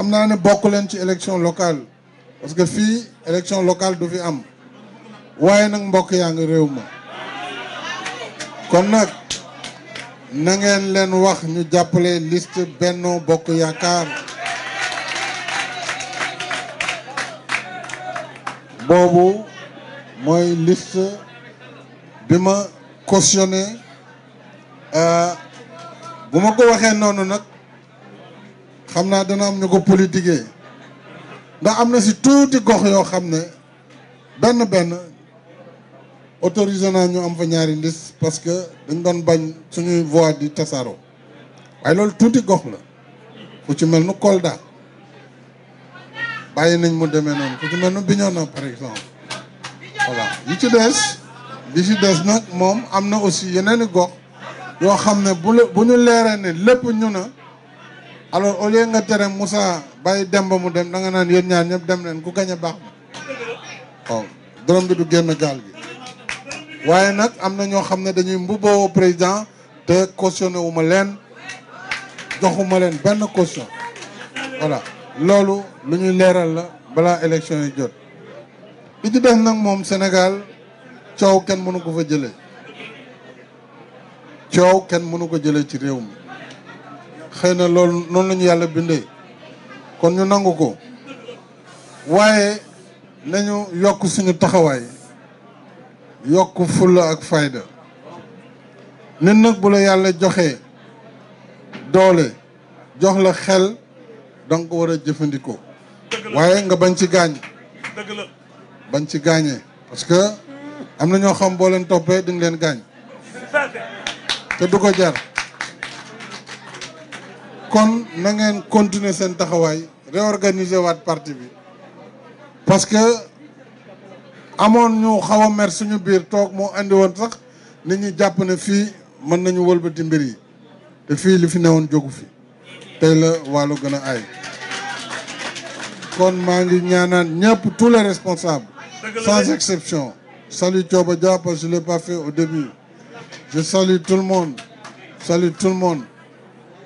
xam né ne len ci élection locale parce que fi élection locale du fi am waaye nak mbokk ya nga réew kon nak na ngeen len wax ñu jappalé liste Benno Bokk yaakar bobu moy liste bi cautionné euh buma ko waxé nonu nak xamna dana am nous politiqué ndax si tout gox ben autorisé à ñu am fa ñaari parce que dañ doon bañ suñu voix de tassaro way loolu touti gox la ku ci melnu Kolda avons nañ mu nous non ku ci par exemple voilà yi ci des li ci des nag aussi yeneen gox tous bu alors au lieu nga tere Moussa baye dem ba mu dem da nga naan yéen ñaar ñëpp dem leen ku gañ a baax dorom oh, bi du génn gaal gi waaye nag am na ñoo xam ne dañuy mbubboo président te cautionné wu ma leen joxuma leen benn caution voilà loolu lu ñuy leeral la balaa élection yi jot li ci def nag moom Sénégal coow kenn mënu ko fa jëlee coow kenn mënu ko jëlee ci réew mi xëy na loolu noonu lañu yàlla bindee kon ñu nangu ko waaye nañu yokk suñu taxawaay yokk fulla ak fayda nit nag bu la yàlla joxee doole jox la xel danga war a jëfandikoo waaye nga bañ ci gaañ bañ ci gaañee parce que am na ñoo xam boo leen toppee di leen gaañ te du ko jar kon na ngeen continuer seen taxawaay réorganiser waat parti bi parce que amoon ñu xaw a mer suñu biir toog moo andi woon sax nit ñi jàpp ne fii mën nañu wëlbati mbir yi te fii li fi newoon jógu fi tey la wàllu gën a kon maa ngi ñaanaan ñëpp tous les responsables sans exception salut Thioba Dia parce que je l'ai pas fait au début je salue tout le monde salut tout le monde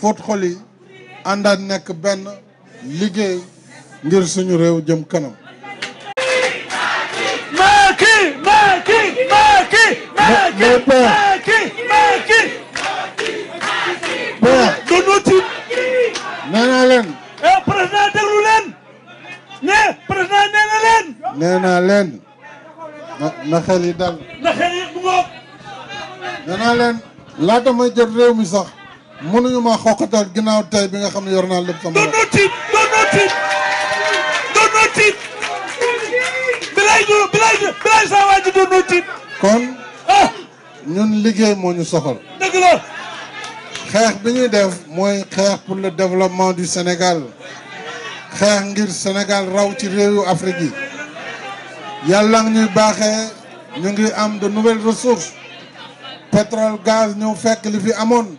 fóot xol yi àndaat nekk benn liggéey ngir suñu réew jëm kanam. Macky Macky Macky Macky Macky Macky dañoo tiit nee naa leen eh président déglu leen ne président nee na leen nee naa leen na xel yi dal na xel yi bu ngoog nee naa leen laata may jot réew mi sax mënuñu ma xoqatal ginnaaw tey bi nga xam ne yor naa lépp sama. doon na tiit doon na tiit doon na tiit. bilay du du bilay kon. ah. ñun liggéey moo ñu soxal. dëgg la. xeex bi ñuy def mooy pour le développement du Sénégal xeex ngir Sénégal raw ci réewu Afrique yi yàlla ñuy baaxee ñu ngi am de nouvelles ressources pétrole gaz ñu fekk li fi amone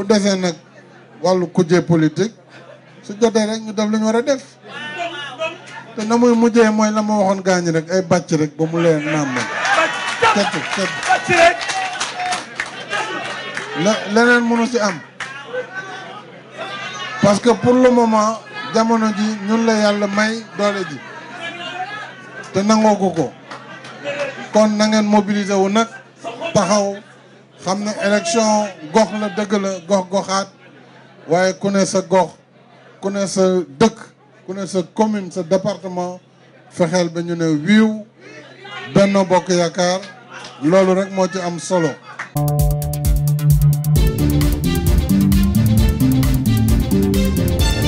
bu desee nag wàllu kujje politique su jotee rek ñu def lu ñu war a def te na muy mujjee mooy la ma waxoon gaañ rek ay bàcc rek ba mu leen naam rek leneen mënu ci am parce que pour le moment jamono ji ñun la yàlla may doole ji te nangoo ko kon na ngeen mobiliser wu nag taxaw xamna élection gox la deug la gox goxaat waye kune sa gox kune sa deuk kune sa commune sa département fexel ba ñu ne wiiw Benno Bokk yakar lolu rek mo ci am solo